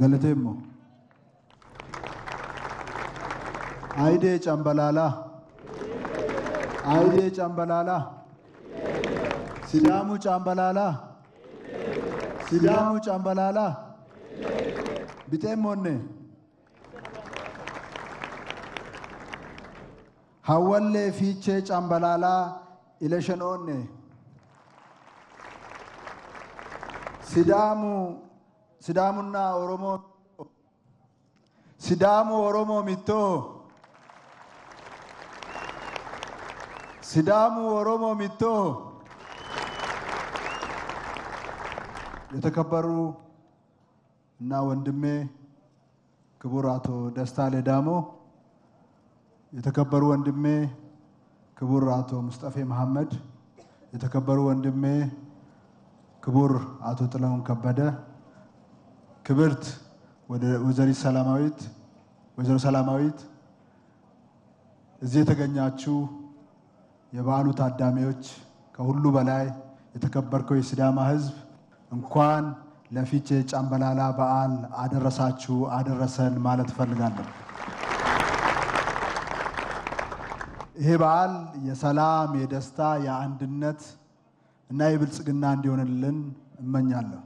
ገለቴሞ አይዴ ጨምበላላ አይዴ ጨምበላላ ሲዳሙ ጨምበላላ ሲዳሙ ጨምበላላ ቢጤሞኔ ሀወሌ ፊቼ ጨምበላላ ኢለሸኖኔ ሲዳሙ ሲዳሙና ኦሮሞ ሲዳሙ ኦሮሞ ሚቶ ሲዳሙ ኦሮሞ ሚቶ። የተከበሩ እና ወንድሜ ክቡር አቶ ደስታ ሌዳሞ፣ የተከበሩ ወንድሜ ክቡር አቶ ሙስጠፌ መሐመድ፣ የተከበሩ ወንድሜ ክቡር አቶ ጥለውን ከበደ ክብርት ወይዘሪት ሰላማዊት ወይዘሮ ሰላማዊት እዚህ የተገኛችሁ የበዓሉ ታዳሚዎች፣ ከሁሉ በላይ የተከበርከው የሲዳማ ህዝብ እንኳን ለፊቼ ጫምበላላ በዓል አደረሳችሁ አደረሰን ማለት እፈልጋለሁ። ይሄ በዓል የሰላም፣ የደስታ፣ የአንድነት እና የብልጽግና እንዲሆንልን እመኛለሁ።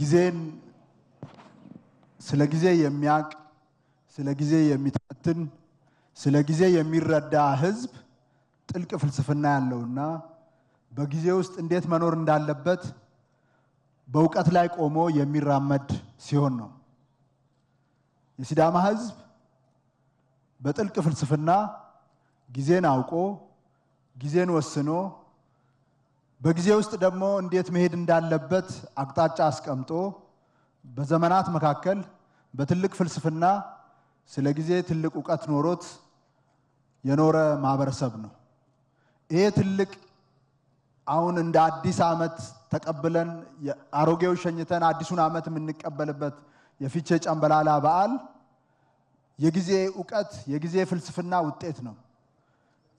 ጊዜን ስለ ጊዜ የሚያውቅ ስለ ጊዜ የሚተነትን ስለ ጊዜ የሚረዳ ህዝብ ጥልቅ ፍልስፍና ያለውና በጊዜ ውስጥ እንዴት መኖር እንዳለበት በእውቀት ላይ ቆሞ የሚራመድ ሲሆን ነው። የሲዳማ ህዝብ በጥልቅ ፍልስፍና ጊዜን አውቆ ጊዜን ወስኖ በጊዜ ውስጥ ደግሞ እንዴት መሄድ እንዳለበት አቅጣጫ አስቀምጦ በዘመናት መካከል በትልቅ ፍልስፍና ስለ ጊዜ ትልቅ እውቀት ኖሮት የኖረ ማህበረሰብ ነው። ይሄ ትልቅ አሁን እንደ አዲስ ዓመት ተቀብለን አሮጌው ሸኝተን አዲሱን ዓመት የምንቀበልበት የፊቼ ጨምበላላ በዓል የጊዜ እውቀት የጊዜ ፍልስፍና ውጤት ነው።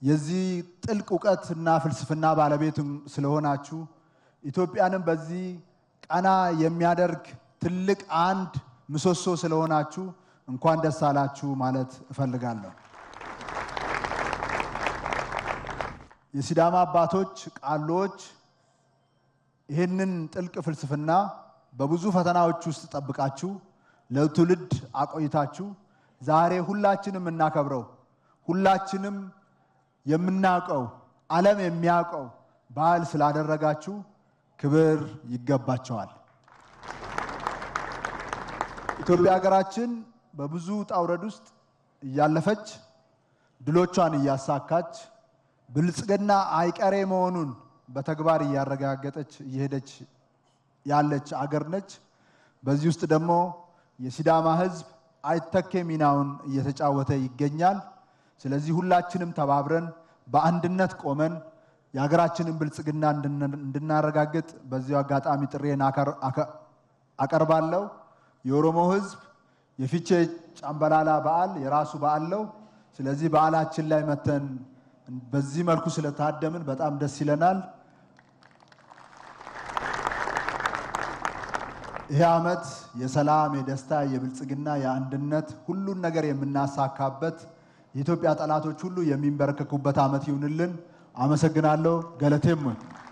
የዚህ ጥልቅ እውቀትና ፍልስፍና ባለቤት ስለሆናችሁ ኢትዮጵያንም በዚህ ቀና የሚያደርግ ትልቅ አንድ ምሰሶ ስለሆናችሁ እንኳን ደስ አላችሁ ማለት እፈልጋለሁ። የሲዳማ አባቶች ቃሎች ይህንን ጥልቅ ፍልስፍና በብዙ ፈተናዎች ውስጥ ጠብቃችሁ ለትውልድ አቆይታችሁ ዛሬ ሁላችንም እናከብረው ሁላችንም የምናውቀው ዓለም የሚያውቀው ባህል ስላደረጋችሁ ክብር ይገባቸዋል። ኢትዮጵያ ሀገራችን በብዙ ጣውረድ ውስጥ እያለፈች ድሎቿን እያሳካች ብልጽግና አይቀሬ መሆኑን በተግባር እያረጋገጠች እየሄደች ያለች አገር ነች። በዚህ ውስጥ ደግሞ የሲዳማ ሕዝብ አይተኬ ሚናውን እየተጫወተ ይገኛል። ስለዚህ ሁላችንም ተባብረን በአንድነት ቆመን የሀገራችንን ብልጽግና እንድናረጋግጥ በዚሁ አጋጣሚ ጥሬን አቀርባለሁ። የኦሮሞ ህዝብ የፊቼ ጫምበላላ በዓል የራሱ በዓል ነው። ስለዚህ በዓላችን ላይ መተን በዚህ መልኩ ስለታደምን በጣም ደስ ይለናል። ይህ ዓመት የሰላም፣ የደስታ፣ የብልጽግና፣ የአንድነት ሁሉን ነገር የምናሳካበት የኢትዮጵያ ጠላቶች ሁሉ የሚንበረከኩበት ዓመት ይሁንልን። አመሰግናለሁ። ገለቴም